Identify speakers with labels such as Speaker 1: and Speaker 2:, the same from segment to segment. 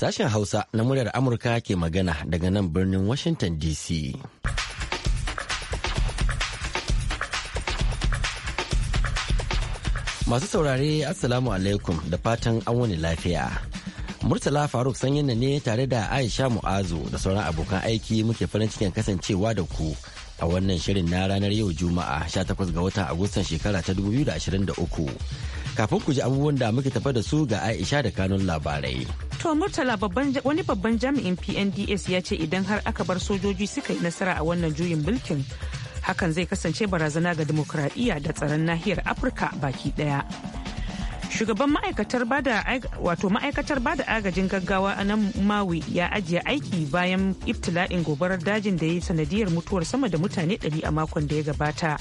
Speaker 1: Sashen Hausa na muryar Amurka ke magana daga nan birnin Washington DC. Masu saurare Assalamu alaikum da fatan an wani lafiya. Murtala Faruk sanyin ne tare da Aisha Mu'azu da sauran abokan aiki muke farin cikin kasancewa da ku a wannan shirin na ranar yau Juma'a 18 ga watan Agustan shekara ta 2023. kafin ku ji abubuwan da muke tafa da su ga Aisha da kanun labarai.
Speaker 2: To Murtala wani babban jami'in PNDS ya ce idan har aka bar sojoji suka yi nasara a wannan juyin mulkin hakan zai kasance barazana ga demokradiyya da tsaron nahiyar Afirka baki daya. Shugaban ma'aikatar bada wato ma'aikatar bada agajin gaggawa a nan Mawi ya ajiye aiki bayan ibtila'in gobarar dajin da ya yi sanadiyar mutuwar sama da mutane 100 a makon da ya gabata.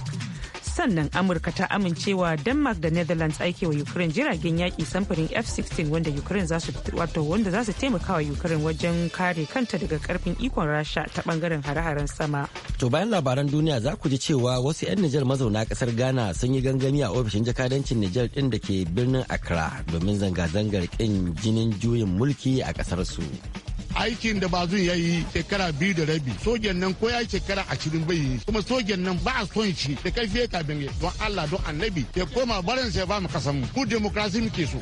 Speaker 2: sannan amurka ta amincewa denmark da netherlands wa ukraine jiragen yaki samfurin f-16 wanda ukraine za wato wanda za su taimaka wa ukraine wajen kare kanta daga karfin ikon rasha ta bangaren hare-haren sama
Speaker 1: to bayan labaran duniya za ku ji cewa wasu 'yan nijar mazauna kasar ghana sun yi gangami a ofishin jakadancin nijar din da ke birnin accra domin zanga-zangar kin jinin juyin mulki a kasar su
Speaker 3: aikin da bazun ya yi shekara biyu da rabi sojan nan ko ya shekara ashirin bai yi kuma sojan nan ba a son shi da fiye kafin ya don Allah don annabi ya koma barinsa ya ba mu kasan ku demokrasi muke so.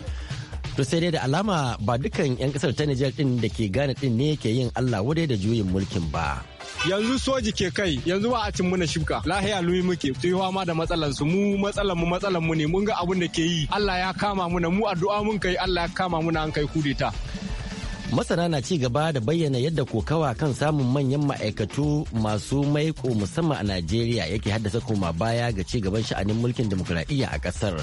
Speaker 1: to sai dai da alama ba dukkan 'yan kasar ta Nijar din da ke gane din ne ke yin Allah wadai da juyin mulkin ba.
Speaker 4: yanzu soji ke kai yanzu ba a cin muna shibka lahiya lumi muke tuyuwa ma da matsalan su mu matsalan mu matsalan mu ne mun ga abin da ke yi Allah ya kama muna mu addu'a mun kai Allah ya kama muna an kai kudeta
Speaker 1: masana na ci gaba da bayyana yadda kokawa kan samun manyan ma'aikatu masu maiko musamman a najeriya yake haddasa koma baya ga ci gaban sha'anin mulkin demokuraɗiyya a ƙasar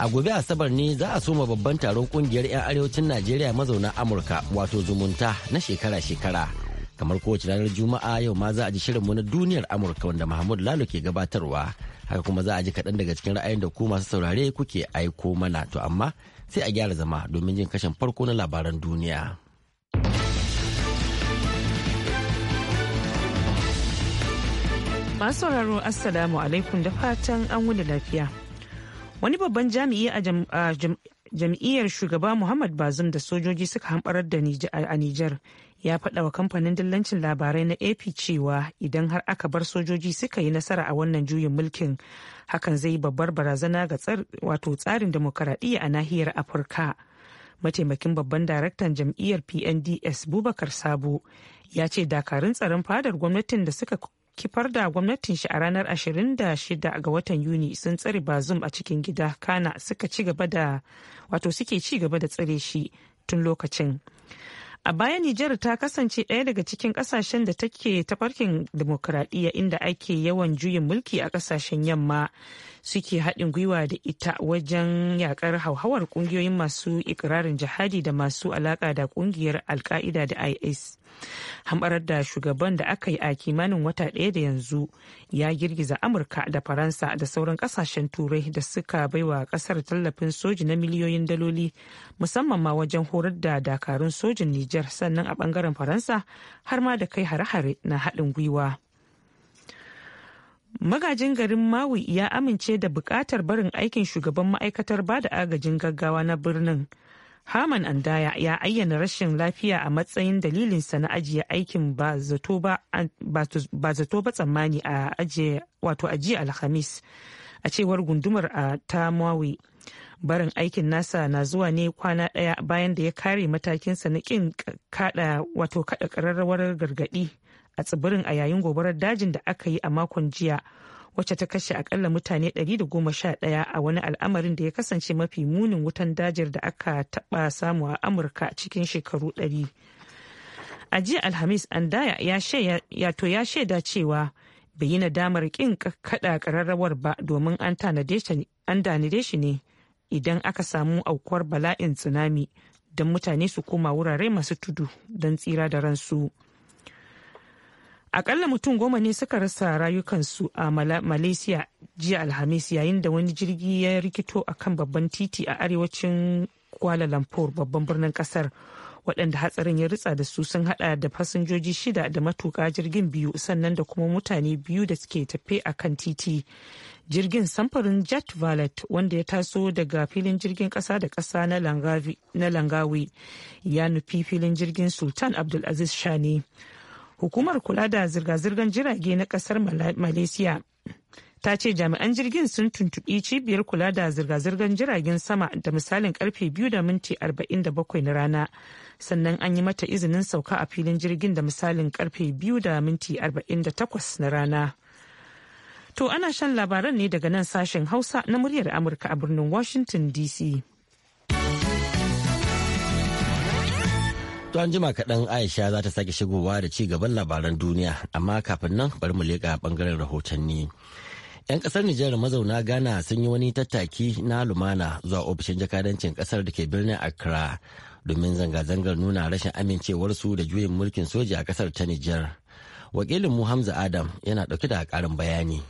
Speaker 1: a gobe asabar ne za a soma babban taron kungiyar 'yan arewacin najeriya mazauna amurka wato zumunta na shekara-shekara kamar kowace ranar juma'a yau ma za a ji shirinmu na duniyar amurka wanda mahmud lalo ke gabatarwa haka kuma za a ji kaɗan daga cikin ra'ayin da ku masu saurare kuke aiko mana to amma sai a gyara zama domin jin kashin farko na labaran duniya.
Speaker 2: Masu sauraro Assalamu alaikum da fatan an wuni lafiya. Wani babban jami'i a jam'iyyar shugaba Muhammad Bazum da sojoji suka hamɓarar da a Nijar ya faɗa wa kamfanin dillancin labarai na AP cewa idan har aka bar sojoji suka yi nasara a wannan juyin mulkin hakan zai yi babbar barazana ga wato tsarin demokaradiyya a nahiyar Afirka. Mataimakin babban daraktan jam'iyyar PNDS Bubakar Sabo ya ce dakarun tsaron fadar gwamnatin da suka kifar da gwamnatin shi a ranar 26 ga watan yuni sun tsare bazum a cikin gida kana suka ci gaba da wato suke ci gaba da tsare shi tun lokacin a baya nijar ta kasance ɗaya daga cikin ƙasashen da take tafarkin demokuraɗiyya inda ake yawan juyin mulki a ƙasashen yamma suke haɗin gwiwa da ita wajen yakar hauhawar ƙungiyoyin masu ikirarin jihadi da masu alaƙa da ƙungiyar alka'ida da is hamɓarar da shugaban da aka yi a kimanin wata ɗaya da yanzu ya girgiza amurka da faransa da sauran ƙasashen turai da suka baiwa ƙasar tallafin soji na miliyoyin daloli musamman ma wajen horar da dakarun sojin nijar sannan a ɓangaren faransa har ma da kai hare-hare na haɗin gwiwa magajin garin maui ya amince da bukatar barin aikin shugaban ma'aikatar ba da agajin gaggawa na birnin Haman Andaya ya ayyana rashin lafiya a matsayin dalilinsa na ajiye aikin ba zato ba tsammani a ajiye wato ajiye Alhamis a cewar gundumar a ta Barin aikin nasa na zuwa ne kwana ɗaya bayan da ya kare matakinsa na ƙin kaɗa wato kaɗa ƙararrawar gargaɗi a tsibirin a yayin gobarar dajin da aka yi a makon jiya wacce ta kashe akalla mutane 111 a wani al'amarin da ya kasance mafi munin wutan dajir da aka taɓa samu a amurka cikin shekaru 100 a jiya alhamis to ya shaida cewa bai yi nadamar kin kada kararrawar ba domin an tanade shi ne idan aka samu aukuwar bala'in tsunami don mutane su koma wurare masu tudu don tsira da ransu. akalla mutum goma ne suka rasa rayukansu a malaysia jiya alhamis yayin da wani jirgi ya rikito a kan babban titi a arewacin kuala lumpur babban birnin kasar waɗanda hatsarin ya ritsa da su sun hada da fasinjoji shida da matuƙa jirgin biyu sannan da kuma mutane biyu da suke tafe a kan titi jirgin samfurin jet valet wanda ya taso daga filin jirgin ƙasa da ƙasa na langawi ya nufi filin jirgin sultan abdulaziz shani hukumar kula da zirga-zirgar jirage na kasar malaysia ta ce jami'an jirgin sun tuntuɓi cibiyar kula da zirga-zirgar jiragen sama da misalin karfe biyu da minti arba'in na rana sannan an yi mata izinin sauka a filin jirgin da misalin karfe biyu da minti arba'in na rana to ana shan labaran ne daga nan sashen hausa na muryar amurka a birnin washington dc
Speaker 1: To an jima kaɗan Aisha za ta sake shigowa da ci gaban labaran duniya, amma kafin nan bari mu leƙa ɓangaren rahotanni. 'Yan ƙasar Nijar mazauna Ghana sun yi wani tattaki na lumana zuwa ofishin jakadancin ƙasar da ke birnin Accra domin zanga-zangar nuna rashin amincewarsu da juyin mulkin soja a ƙasar ta Nijar. Wakilin mu Hamza Adam yana ɗauke da ƙarin bayani.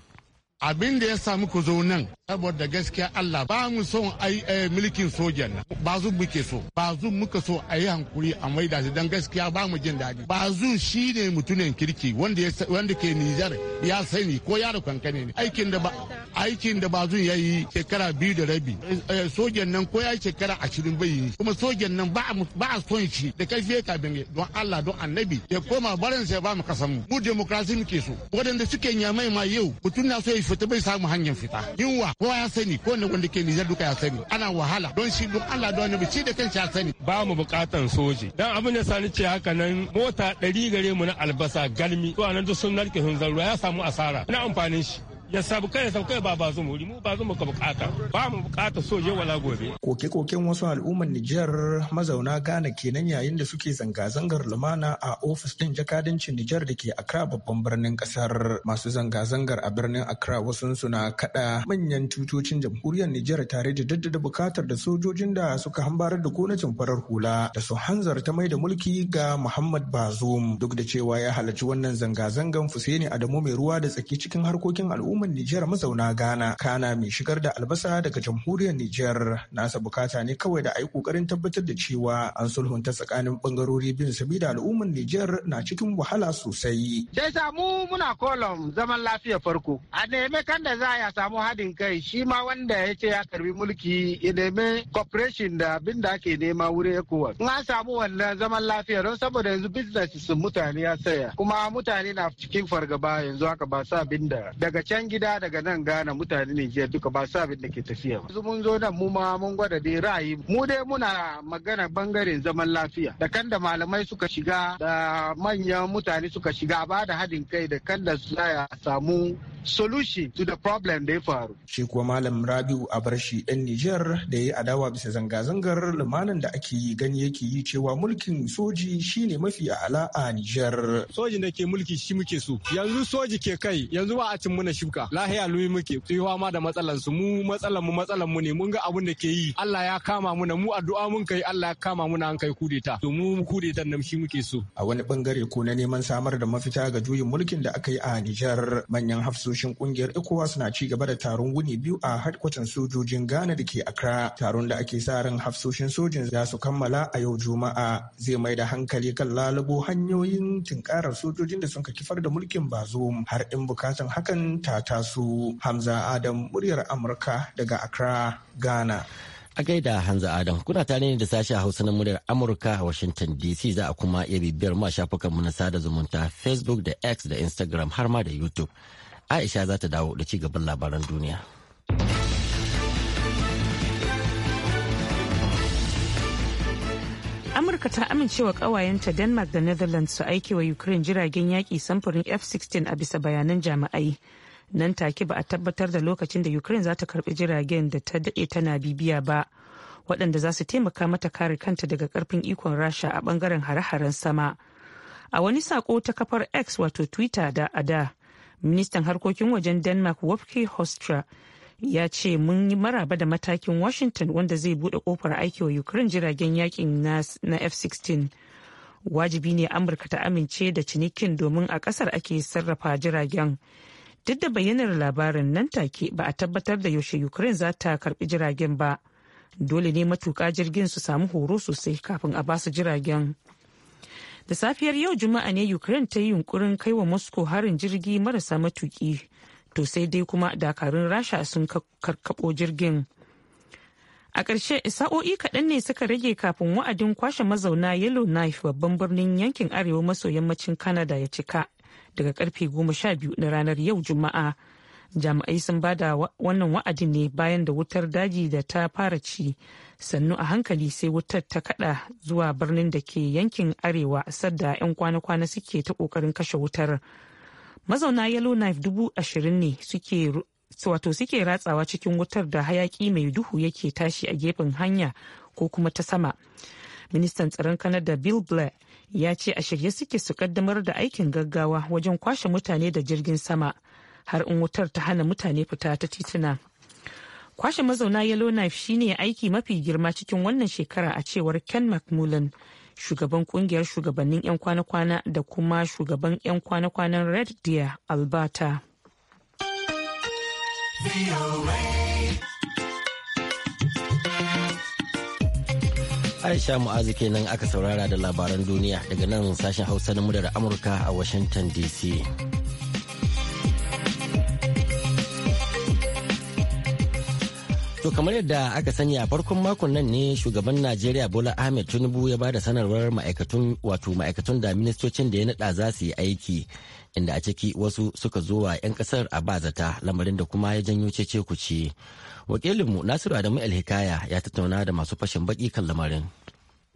Speaker 3: abin da ya samu ku zo nan saboda gaskiya Allah ba mu son ai eh, mulkin sojan nan ba zu muke so ba zu muka so a yi hankuri a maida shi dan gaskiya ba mu jin daɗi ba zu shi ne mutumin kirki wanda wanda ke Niger ya sani ko yaro kankane ne aikin da ba aikin da ba ya yi shekara biyu da rabi eh, sojan nan ko ya shekara 20 bai yi kuma sojan nan ba a son shi da kai fiye ka bange don Allah don annabi ya koma barin sai ba mu kasan mu mu demokrasi muke so wadanda suke nyamai ma yau mutum na so ya fita bai samu hanyar fita yunwa kowa ya sani ko ne wanda ke Nijar duka ya sani ana wahala don shi duk Allah don wani bici da kanshi ya sani ba mu bukatan soji dan
Speaker 5: abin da sani ce haka nan mota ɗari gare mu na albasa galmi to anan duk sun narke sun zarura ya samu asara ina amfanin shi da sabu kai sabu ba ba zumu mu ba zumu ka bukata ba mu
Speaker 4: bukata soje wala gobe koke koken wasu al'umman Nijar mazauna Ghana kenan yayin da suke zanga zangar lumana a ofis din jakadancin Nijar da ke Accra babban birnin kasar masu zanga zangar a birnin Accra wasu suna kada manyan tutocin jamhuriyar Nijar tare da daddada bukatar da sojojin da suka hambarar da gonacin farar hula da su hanzarta mai da mulki ga Muhammad Bazoum duk da cewa ya halarci wannan zanga zangan Fuseni Adamu mai ruwa da tsaki cikin harkokin al'umma al'umman Nijar mazauna Ghana kana mai shigar da albasa daga jamhuriyar Nijar nasa bukata ne kawai da ayi yi kokarin tabbatar da cewa an sulhunta tsakanin bangarori bin sabida al'umman Nijar na cikin wahala sosai. Sai samu muna kolon zaman lafiya farko. A neme kan da za ya samu haɗin kai shi ma wanda ya ce ya karbi mulki ya neme corporation da abin da ake nema wuri ya In an samu wannan zaman lafiya don saboda yanzu business mutane ya saya kuma mutane na cikin fargaba yanzu haka ba sa abin daga can nan gida daga nan gana mutane ne jiya duka ba su abin da ke tafiya ba. mun zo nan mu ma mun gwada dai ra'ayi mu dai muna magana bangaren zaman lafiya da kan da malamai suka shiga da manyan mutane suka shiga ba da haɗin kai da kan da su samu solution to the problem da ya faru. Shi kuwa Malam Rabiu Abarshi ɗan Nijar da ya adawa bisa zanga-zangar lumanan da ake yi gani yake yi cewa mulkin soji shine mafi ala a Nijar. Sojin da ke mulki shi muke so. Yanzu soji ke kai yanzu ba a cin muna shi duka lahiya lui muke tsiwa ma da matsalan su mu matsalan mu matsalan mu ne mun ga abin da ke yi Allah ya kama mu na mu addu'a mun kai Allah ya kama mu na an kai kudeta to mu kudetan nan shi muke so a wani bangare ko na neman samar da mafita ga juyin mulkin da aka yi a Niger. manyan hafsoshin kungiyar ECOWAS na ci gaba da taron wuni biyu a hadkwatan sojojin Ghana da ke Accra taron da ake sa ran hafsoshin sojin za su kammala a yau Juma'a zai mai da hankali kan lalubo hanyoyin tunkarar sojojin da sun kifar da mulkin bazum har in bukatan hakan ta su Hamza Adam muryar Amurka daga Accra,
Speaker 1: Ghana. A gaida hamza Adam, kuna tare ne da sashen Hausa na muryar Amurka a Washington DC za a kuma iya bibiyar ma shafukanmu na sada zumunta Facebook da X da Instagram har ma da YouTube. Aisha za ta dawo da ci gaban labaran duniya.
Speaker 2: Amurka ta amincewa kawayenta Denmark da Netherlands su aiki wa Ukraine jiragen yaƙi samfurin F-16 a bisa bayanan jami'ai. nan take ba a tabbatar da lokacin da ukraine za ta karbi jiragen da ta dade tana bibiya ba waɗanda za su taimaka mata kare kanta daga karfin ikon rasha a bangaren hare-haren sama a wani sako ta kafar x wato twitter da ada ministan harkokin wajen denmark wofke hostra ya ce mun yi maraba da matakin washington wanda zai buɗe kofar aiki wa ukraine jiragen yakin na f-16 wajibi ne amurka ta amince da cinikin domin a ƙasar ake sarrafa jiragen duk da bayyanar labarin nan take ba a tabbatar da yaushe ukraine za ta karbi jiragen ba dole ne matuka jirgin su samu horo sosai kafin a basu jiragen da safiyar yau juma'a ne ukraine ta yi yunkurin kai wa moscow harin jirgi marasa matuki to sai dai kuma dakarun rasha sun karkabo jirgin a ƙarshe sa'o'i kaɗan ne suka rage kafin wa'adin kwashe mazauna yellow knife babban birnin yankin arewa maso yammacin canada ya cika daga karfe goma sha biyu na ranar yau juma'a jami'ai sun ba da wannan wa'adin ne bayan da wutar daji da ta fara ci sannu a hankali sai wutar ta kada zuwa birnin da ke yankin arewa sadda 'yan kwana-kwana suke ta kokarin kashe wutar mazauna yellowknife dubu ashirin ne suke wato suke ratsawa cikin wutar da hayaki mai duhu yake tashi a gefen hanya ko kuma ta sama ministan tsaron kanada bill blair ya ce a shirye suke su kaddamar da aikin gaggawa wajen kwashe mutane da jirgin sama har in wutar ta hana mutane fita ta tituna kwashe mazauna yellowknife shine aiki mafi girma cikin wannan shekara a cewar ken mcmullen shugaban kungiyar shugabannin 'yan kwana-kwana da kuma shugaban 'yan kwana-kwanan red deer alberta
Speaker 1: Aisha Mu'azu kenan aka saurara da labaran duniya daga nan sashen Hausa na murar Amurka a Washington DC. To kamar yadda aka sani a farkon makon nan ne shugaban Najeriya Bola Ahmed Tinubu ya ba da sanarwar ma'aikatun wato ma'aikatun da ministocin da ya nada za su yi aiki inda a ciki wasu suka zo wa 'yan kasar a ba zata lamarin da kuma ya janyo cece kuce wakilinmu nasiru adamu alhikaya ya tattauna da masu fashin baki kan lamarin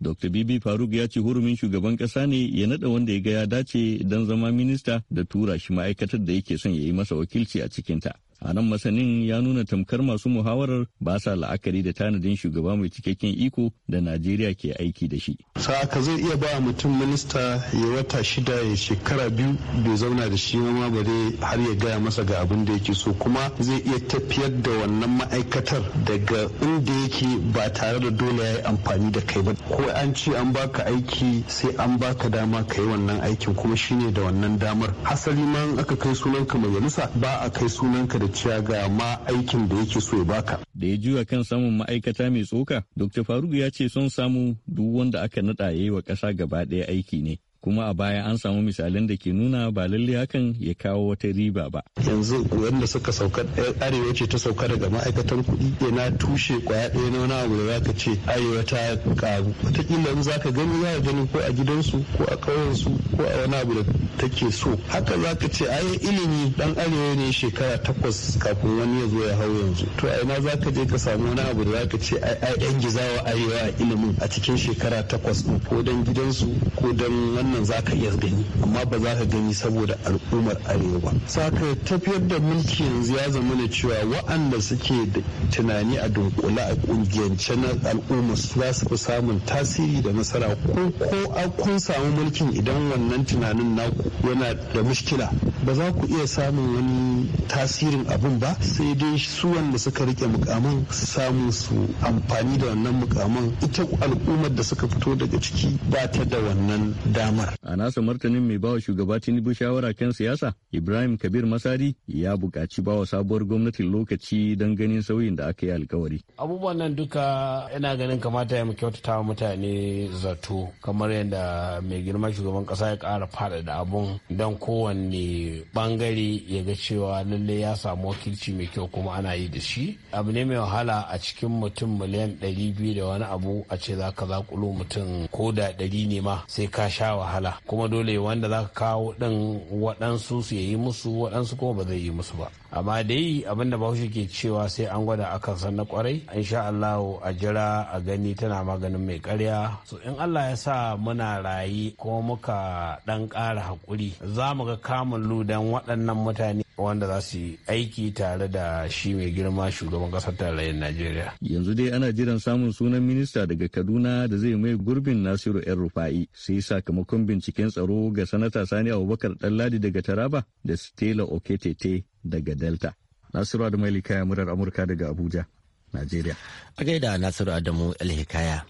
Speaker 1: Dr. Bibi Faruk ya ce hurumin
Speaker 6: shugaban kasa ne ya nada wanda ya ga ya dace don zama minista da tura shi ma'aikatar da yake son ya yi masa wakilci a cikinta. A nan masanin ya nuna tamkar masu muhawarar ba sa la'akari da tanadin shugaba mai cikakken iko da Najeriya ke aiki da shi.
Speaker 7: Sa'aka zai iya ba mutum minista ya wata shida ya shekara biyu bai zauna da shi ma ba zai har ya gaya masa ga abin da yake so kuma zai iya tafiyar da wannan ma'aikatar daga inda yake ba tare da dole ya yi amfani da kai ba. Ko an ce an baka aiki sai an baka dama ka yi wannan aikin kuma shine da wannan damar. Hasali ma aka kai sunanka majalisa ba a kai sunanka da cewa ga ma aikin da yake so ya baka. Da ya juya kan
Speaker 6: samun ma'aikata mai tsoka, Dr. Faruk ya ce son samu duk wanda aka naɗa ya yi wa ƙasa gaba ɗaya aiki ne. kuma a baya an samu misalin da ke nuna ba lalle hakan ya kawo wata riba
Speaker 7: ba. Yanzu wanda suka sauka eh, arewa ce ta sauka daga ma'aikatan kuɗi yana tushe kwaya ɗaya na wani abu da za ka ce arewa ta karu. Wataƙila in za ka gani za ka gani ko a gidansu ko a ƙauyensu ko a wani abu da take so. Haka za ka ce ai ilimi dan arewa ne shekara takwas kafin wani ya zo ya hau yanzu. To a ina za ka je ka samu wani abu da za ka ce ai ɗan gizawa arewa a ilimin a cikin shekara takwas ko dan gidansu ko dan wannan wannan za ka iya gani amma ba za ka gani saboda al'ummar arewa ba saka tafiyar da mulki yanzu ya zama da cewa wa'anda suke da tunani a dunkula a kungiyance na al'umma za su fi samun tasiri da nasara ko ko kun samu mulkin idan wannan tunanin naku yana da mushkila ba za ku iya samun wani tasirin abin ba sai dai su wanda suka rike mukamin su samu su amfani da wannan mukamin ita al'ummar da suka fito daga ciki ba ta da
Speaker 6: wannan dama Umar. A nasa martanin mai bawa shugaba Tinubu shawara kan siyasa, Ibrahim Kabir Masari ya buƙaci bawa sabuwar gwamnati lokaci don ganin sauyin da aka yi alkawari.
Speaker 3: Abubuwan nan duka yana ganin kamata ya mu kyautata wa mutane zato kamar yadda mai girma shugaban ƙasa ya ƙara da abun don kowanne ɓangare ya ga cewa lalle ya samu wakilci mai kyau kuma ana yi da shi. Abu ne mai wahala a cikin mutum miliyan ɗari biyu da wani abu a ce za ka zaƙulo mutum ko da ɗari ne ma sai ka shawa. wahala kuma dole wanda za ka kawo ɗin waɗansu su yi musu waɗansu kuma ba zai yi musu ba amma dai abinda bahaushe ke cewa sai an gwada akan san na kwarai insha Allah a jira a gani tana maganin mai karya so in Allah ya sa muna rayi ko muka dan kara hakuri za mu ga kamun ludan waɗannan mutane wanda za su yi aiki tare da shi mai girma shugaban kasar tarayyar Najeriya.
Speaker 6: Yanzu dai ana jiran samun sunan minista daga Kaduna da zai mai gurbin Nasiru ‘yan Rufa'i sai sakamakon binciken tsaro ga sanata Sani Abubakar Ɗanladi daga Taraba da Stella
Speaker 1: Oketete daga Delta. Nasiru Adamu murar Amurka daga Abuja, Najeriya. A gaida Nasiru Adamu Hikaya.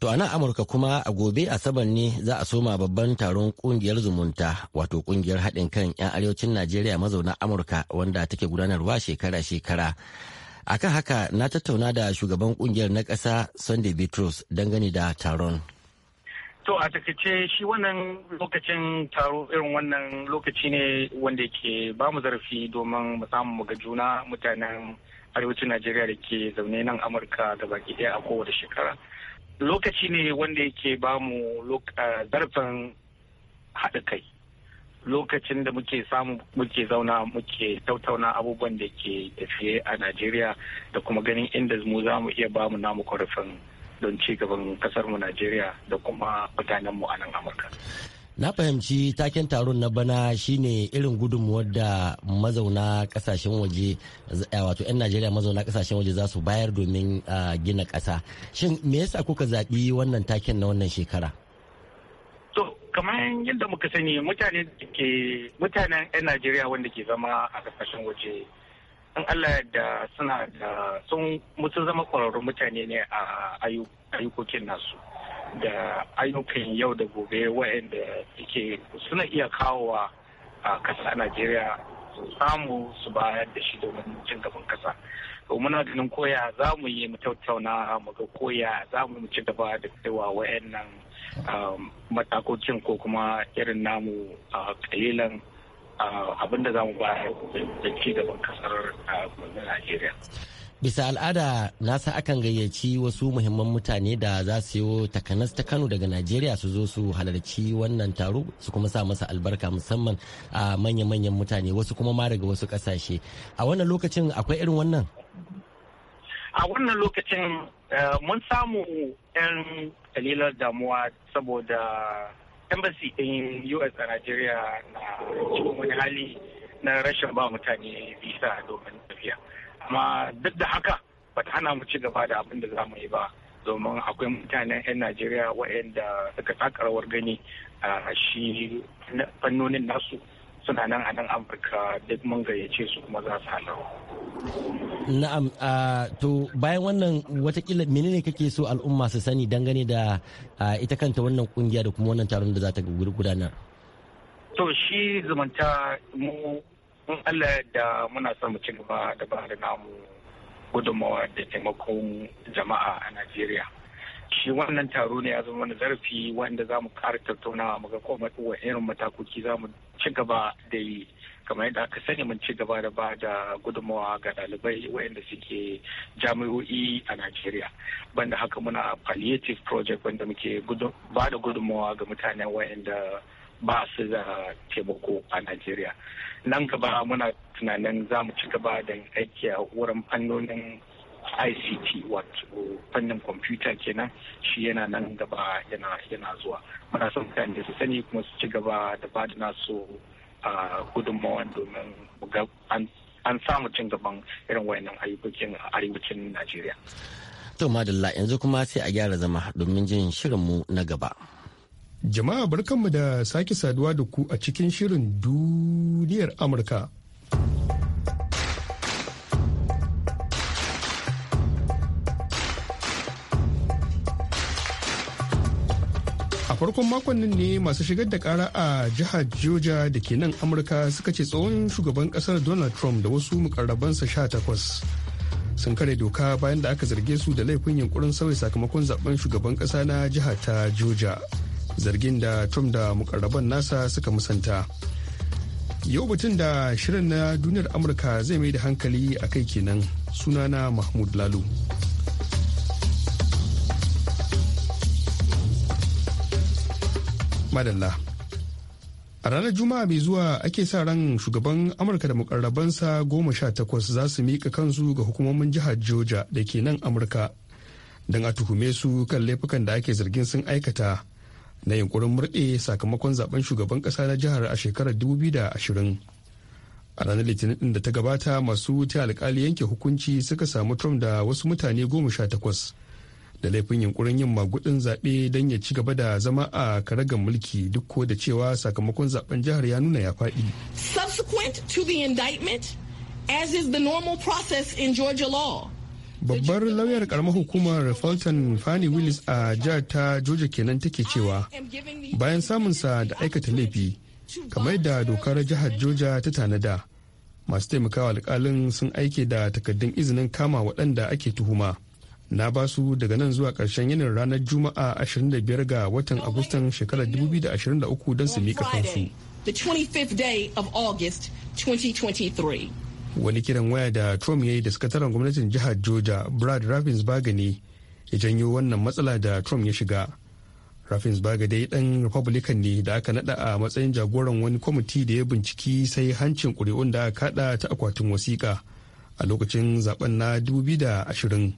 Speaker 1: To a nan Amurka kuma a gobe Asabar ne za a soma babban taron kungiyar zumunta wato kungiyar haɗin kan 'yan arewacin Najeriya mazauna Amurka wanda take gudanarwa shekara-shekara. Akan haka na tattauna da shugaban kungiyar na ƙasa Sunday Bitrus dangane da taron.
Speaker 8: To a takaice shi wannan lokacin taro irin wannan lokaci ne wanda ke ba mu zarafi domin mu samu mu ga juna mutanen arewacin Najeriya da ke zaune nan Amurka da baki ɗaya a kowace shekara. Lokaci ne wanda yake ba mu zarafin haɗa kai. Lokacin da muke samu muke zauna muke tattauna abubuwan da ke tafiye a Najeriya da kuma ganin inda mu za mu iya ba mu namu korafin don ci gaban kasarmu Najeriya da kuma mutanen mu a nan Amurka.
Speaker 1: Na fahimci taken taron na bana shine irin gudunmuwar da mazauna kasashen waje eh, wato 'yan Najeriya mazauna kasashen waje za su bayar domin ah, gina ƙasa. Shin me yasa kuka zaɓi wannan taken na wannan shekara?
Speaker 8: To, kamar yadda muka sani mutane da mutanen 'yan Najeriya wanda ke zama a kasashen waje in Allah da suna da sun mutu zama kwararrun mutane ne a ayyukokin nasu da ayyukan yau da gobe waɗanda suke suna iya kawowa a ƙasa Najeriya su samu su bayar da shi domin cin gaban ƙasa. muna ganin koya za mu yi mu tattauna mu ga koya za mu ci gaba da kaiwa wayannan um, matakokin ko kuma irin namu a uh, kalilan abin da za mu bayar da ci gaban kasar Najeriya.
Speaker 1: Bisa al'ada nasa akan gayyaci wasu muhimman mutane da za su yi takanas ta Kano daga Najeriya su zo su halarci wannan taro su kuma sa masa albarka musamman a manya-manyan mutane wasu kuma ma daga wasu kasashe. A wannan lokacin akwai irin wannan?
Speaker 8: A wannan lokacin eh, mun samu 'yan kalilar damuwa saboda embassy ɗin US a Najeriya na cikin wani hali na rashin ba mutane visa domin tafiya. Amma duk da haka ba ta hana mu ci gaba da abin da za mu yi ba domin akwai mutanen 'yan Najeriya waɗanda suka taka gani a shi fannonin nasu suna nan a nan amurka duk mun gayyace su kuma za su halawa.
Speaker 1: na'am to bayan wannan watakila menene kake so al'umma su sani dangane da ita kanta wannan kungiya da kuma wannan taron da za ta gudana.
Speaker 8: to shi zumunta mu mun allah da muna son mu ci gaba da ba namu gudunmawa da taimakon jama'a a najeriya shi wannan taro ne ya zama wani zarafi wanda za mu ƙara tattaunawa mu ga ko irin matakoki za mu ci gaba da yi kamar yadda aka sani mun ci gaba da ba da gudunmawa ga ɗalibai waɗanda suke jami'o'i a Najeriya. Banda haka muna palliative project wanda muke ba da gudummawa ga mutanen waɗanda ba su da taimako a Najeriya. Nan gaba muna tunanin za mu ci gaba da aiki a wurin fannonin ict wato uh, fannin kwamfuta kenan shi yana nan gaba yana yana zuwa muna son mutane su sani kuma su ci gaba da ba da nasu uh, gudunmawan domin an samu cin gaban irin wayannan ayyukan arewacin najeriya
Speaker 1: to madalla yanzu kuma sai a gyara zama domin jin shirinmu na gaba jama'a
Speaker 5: barkanmu da sake saduwa da ku a cikin shirin duniyar amurka farkon makon nan ne masu shigar da kara a jihar georgia da ke nan amurka suka ce tsohon shugaban kasar donald trump da wasu mukarrabansa takwas sun kare doka bayan da aka zarge su da laifin yunkurin sauya sakamakon zaben shugaban kasa na jihar ta georgia zargin da trump da mukarraban nasa suka musanta yau batun da shirin na duniyar amurka zai mai da hankali a kai kenan sunana mahmud lalu madalla a ranar juma'a mai zuwa ake sa ran shugaban amurka da mukarrabansa goma sha takwas za su miƙa kansu ga hukumomin jihar georgia da ke nan amurka don a tuhume su kan laifukan da ake zargin sun aikata na yunkurin murɗe sakamakon zaben shugaban ƙasa na jihar a shekarar 2020 a ranar litinin ɗin da ta gabata masu ta alkali yanke hukunci suka samu trump da wasu mutane goma sha takwas da laifin yunkurin yin magudin zaɓe don ya ci gaba da zama a karagar mulki duk ko da cewa sakamakon zaben jihar ya nuna ya faɗi.
Speaker 4: Subsequent to the indictment, as is the normal process in Georgia law,
Speaker 5: babbar lauyar karamar hukumar fulton fanny willis a jihar ta georgia kenan take cewa bayan samunsa da aikata laifi kamar da dokar jihar georgia ta tanada masu taimakawa alkalin sun aike da takaddun izinin kama waɗanda ake tuhuma na ba su daga nan zuwa ƙarshen yinin ranar juma'a 25 ga watan agustan shekarar 2023 don su mika kansu wani kiran waya da trump ya yi da sakataren gwamnatin jihar georgia brad raffins bagani ya janyo wannan matsala da trump ya shiga raffins dai dan republican ne da aka nada a matsayin jagoran wani kwamiti da ya binciki sai hancin kuri'un da aka kada ta akwatin wasiƙa a lokacin zaben na 2020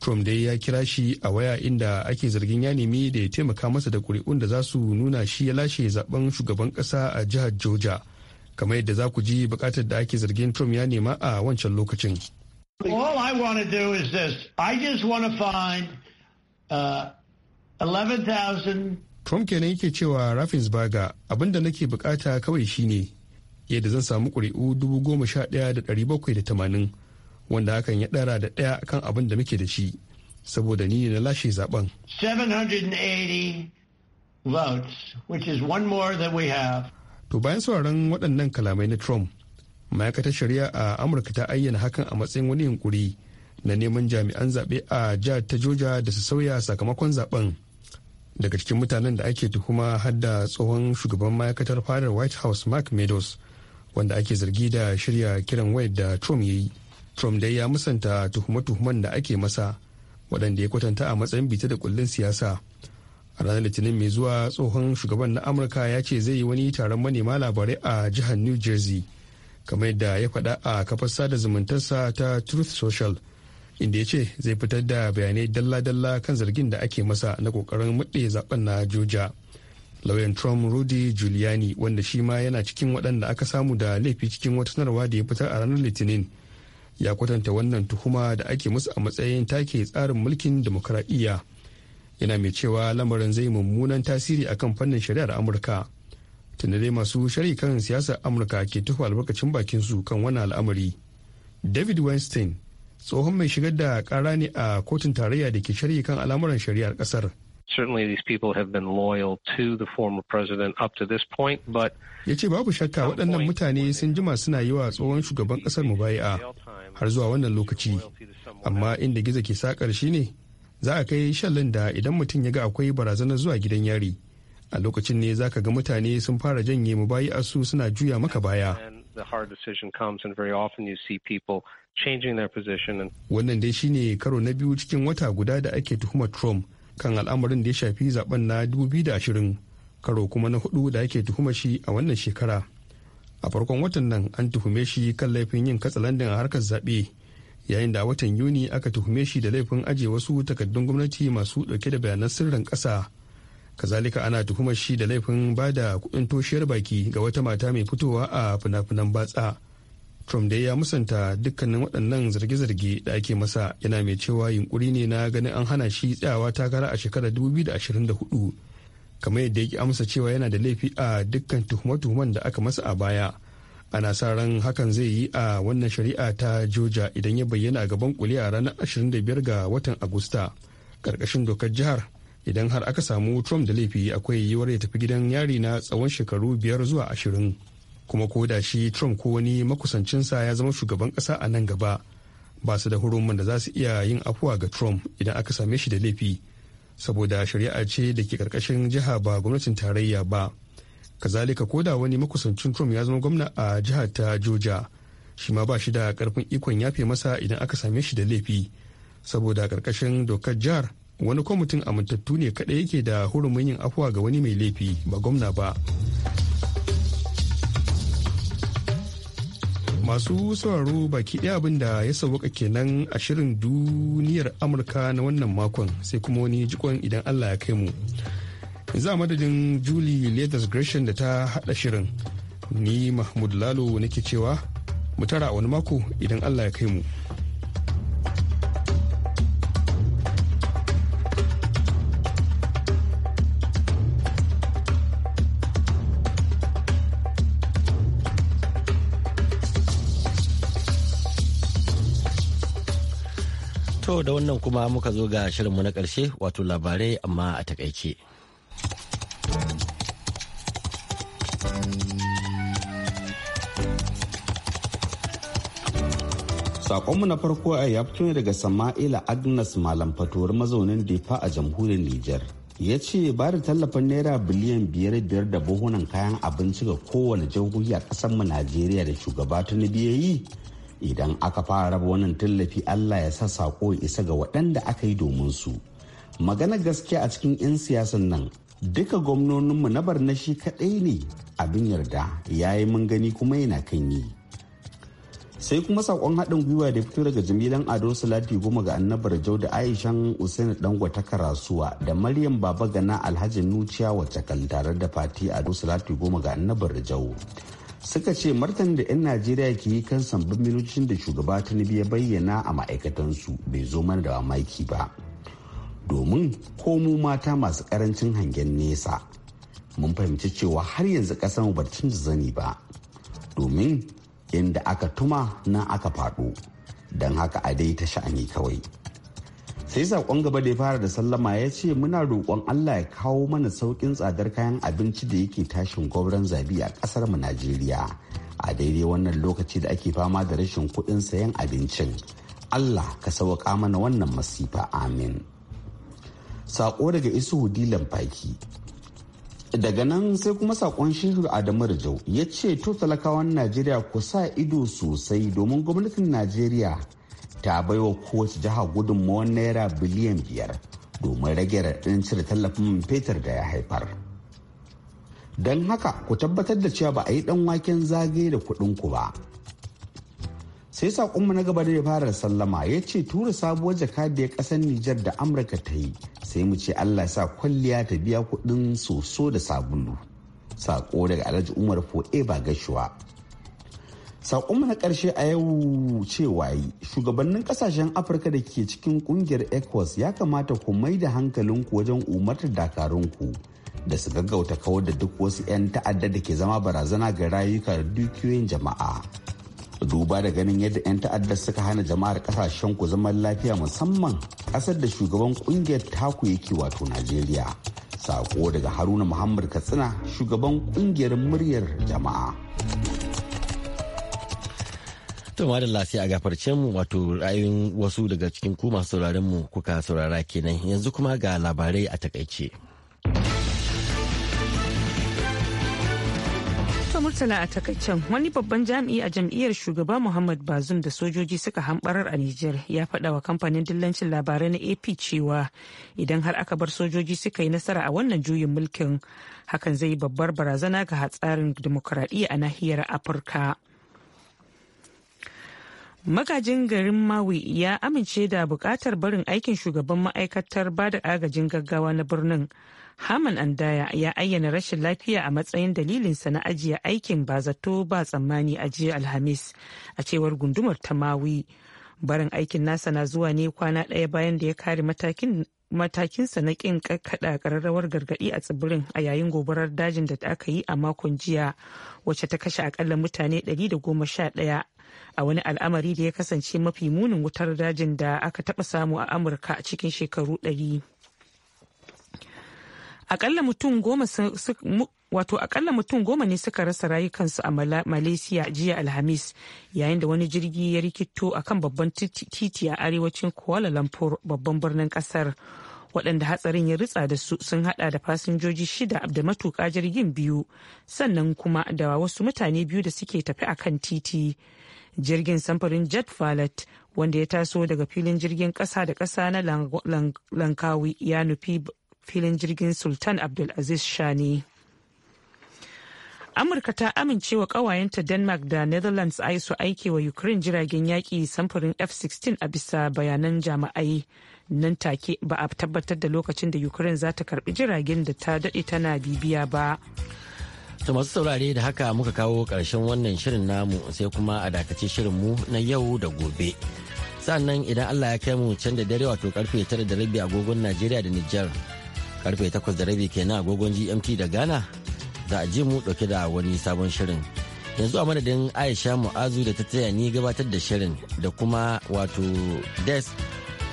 Speaker 5: Trump dai ya kira shi a waya inda ake zargin ya nemi da ya taimaka masa da ƙuri'un da za su nuna shi ya lashe zaben shugaban ƙasa a jihar Georgia. Kamar yadda za ku ji bukatar da ake zargin Trump ya nema a wancan lokacin.
Speaker 8: All I want to do is this. I just want to find uh,
Speaker 5: 11,000 Trump kenan yake cewa Raffensperger abinda nake bukata kawai shine yadda zan samu ƙuri'u wanda hakan ya ɗara da ɗaya kan abin da muke da shi saboda ni na lashe zaben.
Speaker 1: 780 votes,
Speaker 5: which is one more than we have. To bayan sauraron waɗannan kalamai na Trump, ma'aikatar shari'a a Amurka ta ayyana hakan a matsayin wani yunkuri na neman jami'an zaɓe a jihar ta Georgia da su sauya sakamakon zaben. Daga cikin mutanen da ake tuhuma har da tsohon shugaban ma'aikatar fadar White House Mark Meadows, wanda ake zargi da shirya kiran wayar da Trump ya yi. Trump dai ya musanta tuhume-tuhumen da ake masa waɗanda ya kwatanta a matsayin bita da kullun siyasa. A ranar Litinin mai zuwa tsohon shugaban na Amurka ya ce zai yi wani taron manema labarai a jihar New Jersey kamar yadda ya faɗa a kafar sada zumuntarsa ta Truth Social inda ya ce zai fitar da bayanai dalla-dalla kan zargin da ake masa na kokarin muɗe zaben na Georgia. lauyan trump rudy giuliani wanda shi ma yana cikin waɗanda aka samu da laifi cikin wata sanarwa da ya fitar a ranar litinin ya kwatanta wannan tuhuma da ake musu a matsayin take tsarin mulkin demokuraɗiyya yana mai cewa lamarin zai mummunan tasiri akan fannin shari'ar amurka tunda dai masu shari'a kan siyasar amurka ke tuhu albarkacin bakin su kan wannan al'amari david weinstein tsohon mai shigar da kara ne a kotun tarayya da ke shari'a kan al'amuran shari'ar kasar
Speaker 8: Certainly these people have been loyal to the former president up to this point, but...
Speaker 5: Ya ce babu shakka waɗannan mutane sun jima suna yi wa tsohon shugaban ƙasar mubaya har zuwa wannan lokaci amma inda gizo ke sakar shi ne za a kai shalin da idan mutum ya ga akwai barazanar zuwa gidan yari a lokacin ne za ka ga mutane sun fara janye mu bayi asu suna juya maka baya wannan dai shine karo na biyu cikin wata guda da ake tuhuma trump kan al'amarin da ya shafi zaben na 2020 karo kuma na hudu da ake tuhuma shi a wannan shekara a farkon watan nan an tuhume shi kan laifin yin katsalandin a harkar zaɓe yayin da a watan yuni aka tuhume shi da laifin aje wasu takaddun gwamnati masu ɗauke da bayanan sirrin ƙasa kazalika ana tuhumar shi da laifin ba da kuɗin toshiyar baki ga wata mata mai fitowa a fina-finan batsa trump dai ya musanta dukkanin waɗannan zarge-zarge da ake masa yana mai cewa yunkuri ne na ganin an hana shi tsayawa takara a shekarar 2024 kamar yadda yake amsa cewa yana da laifi a dukkan tuhume-tuhumen da aka masa a baya ana sa ran hakan zai yi a wannan shari'a ta joja idan ya bayyana a gaban kuli a ranar 25 ga watan agusta karkashin dokar jihar idan har aka samu trump da laifi akwai yiwuwar ya tafi gidan yari na tsawon shekaru biyar zuwa ashirin kuma ko da shi trump ko wani makusancinsa ya zama shugaban kasa a nan gaba ba su da hurumin da za su iya yin afuwa ga trump idan aka same shi da laifi saboda shari'a ce da ke karkashin jiha ba gwamnatin tarayya ba kazalika koda wani makusancin trump ya zama gwamna a jihar ta georgia shi ma ba shi da karfin ikon yafe masa idan aka same shi da laifi saboda karkashin dokar jihar wani kwamitin amintattu ne kaɗai yake da hurumin yin afuwa ga wani mai laifi ba gwamna ba masu sauraro baki ɗaya abin da ya sauwaka kenan a shirin duniyar amurka na wannan makon sai kuma wani jikon idan allah ya kai mu za madadin julie leathers gresham da ta haɗa shirin ni mahmud lalo nake cewa mu tara wani mako idan allah ya kai mu
Speaker 1: To da wannan kuma muka zo ga shirinmu na karshe wato labarai amma a takaice.
Speaker 3: Sakonmu na farko a ya fito ne daga Sama'ila Agnes Malam Fatuwar mazaunin Defa a jamhuriyar Nijar. Ya ce ba da tallafin naira biliyan biyar biyar da buhunan kayan abinci ga kowane jihohi a ƙasar mu Najeriya da shugaba tuni biyayi. idan aka fara raba wannan tallafi allah ya sa sako isa ga waɗanda aka yi domin su magana gaskiya a cikin 'yan siyasan nan duka gwamnoninmu na barna shi kaɗai ne abin yarda ya yi mun gani kuma yana kan yi sai kuma sakon haɗin gwiwa da fito daga jamilan ado salati goma ga annabar jau da aishan usaini ɗan ta karasuwa da maryam baba gana alhaji nuciya wacce kan tare da fati ado salati goma ga annabar jau suka ce martan da 'yan najeriya ke yi kan sabbin minocin da shugaba tinubu ya bayyana a ma'aikatansu bai zo mana da mamaki ba domin ko mu mata masu karancin hangen nesa mun fahimci cewa har yanzu kasan barcin canza zani ba domin inda aka tuma na aka faɗo don haka a dai ta sha'ani kawai sai saƙon gaba da ya fara da sallama ya ce muna roƙon allah ya kawo mana sauƙin tsadar kayan abinci da yake tashin gwamnan zabi a ƙasar mu najeriya a daidai wannan lokaci da ake fama da rashin kuɗin sayan abincin allah ka sauƙa mana wannan masifa amin saƙo daga isuhu dilan faki daga nan sai kuma sakon shehu adamu rajau ya ce to talakawan najeriya ku sa ido sosai domin gwamnatin najeriya ta baiwa kowace jiha gudunmawar naira biliyan biyar domin rage raɗin cire tallafin man fetur da ya haifar. Don haka ku tabbatar da cewa ba a yi ɗan waken zagaye da kuɗin ku ba. Sai saƙonmu na gaba da ya fara sallama ya ce tura sabuwar jakadiyar ƙasar Nijar da Amurka ta yi sai mu ce Allah sa kwalliya ta biya kuɗin soso da sabulu. Saƙo daga Alhaji Umar Fo'e ba gashuwa. Sakonmu na ƙarshe a yau cewa waye shugabannin ƙasashen Afirka da ke cikin ƙungiyar ECOWAS ya kamata ku mai da hankalinku wajen umartar dakarunku da su gaggauta kawar da duk wasu 'yan ta'adda da ke zama barazana ga rayuka da dukiyoyin jama'a. Duba da ganin yadda 'yan ta'adda suka hana jama'ar ƙasashen ku zaman lafiya musamman ƙasar da shugaban ƙungiyar taku yake wato Najeriya. Sako daga Haruna Muhammad Katsina shugaban ƙungiyar muryar jama'a.
Speaker 1: To da lafiya a gafarcen mu wato ra'ayin wasu daga cikin ku masu sauraron mu kuka saurara kenan yanzu kuma ga labarai a takaice.
Speaker 2: Murtala a takaicen wani babban jami'i a jam'iyyar shugaba Muhammad Bazum da sojoji suka hambarar a Nijar ya faɗa wa kamfanin dillancin labarai na AP cewa idan har aka bar sojoji suka yi nasara a wannan juyin mulkin hakan zai babbar barazana ga hatsarin dimokuraɗiyya a nahiyar Afirka. magajin garin mawi ya amince da bukatar barin aikin shugaban ma'aikatar ba da agajin gaggawa na birnin haman andaya ya ayyana rashin lafiya a matsayin dalilinsa na ajiye aikin ba zato ba tsammani a jiya alhamis a cewar gundumar ta mawi barin aikin nasa na zuwa ne kwana ɗaya bayan da ya kare matakin matakinsa na kin kakkada kararrawar gargadi a tsibirin a yayin gobarar dajin da aka yi a makon jiya wacce ta kashe akalla mutane 111 a wani al'amari da ya kasance mafi munin wutar dajin da aka taba samu a amurka a cikin shekaru 100 akalla mutum goma wato akalla mutum goma ne suka rasa rayukansu a malaysia jiya alhamis yayin da wani jirgi ya rikito akan babban titi a arewacin kuala lumpur babban birnin kasar waɗanda hatsarin ya ritsa da su sun hada da fasinjoji shida da matuƙa jirgin biyu sannan kuma da wasu mutane biyu da suke tafi a kan titi jirgin samfurin jet pilot wanda ya taso daga filin jirgin ƙasa da ƙasa na lankawi ya nufi filin jirgin sultan abdulaziz shani amurka ta amincewa kawayenta denmark da netherlands a su aike wa ukraine jiragen yaƙi samfurin f-16 a bisa bayanan jami'ai nan take ba a tabbatar da lokacin da ukraine za ta karbi jiragen da ta daɗe tana bibiya ba
Speaker 1: To masu saurare da haka muka kawo ƙarshen wannan shirin namu sai kuma a dakace mu na yau da gobe. Sannan idan Allah ya kai mu can da dare wato karfe tara da rabi agogon Najeriya da Nijar karfe 8 da rabi kenan agogon gmt da ghana za a ji mu dauke da wani sabon shirin yanzu a madadin aisha mu'azu da ta taya ni gabatar da shirin da kuma wato des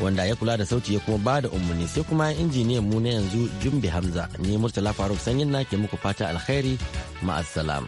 Speaker 1: wanda ya kula da sauti ya kuma bada umarni sai kuma injiniyan mu na yanzu jumbi hamza ne murtala faruk sanyin na ke muku fata alkhairi ma'asalam.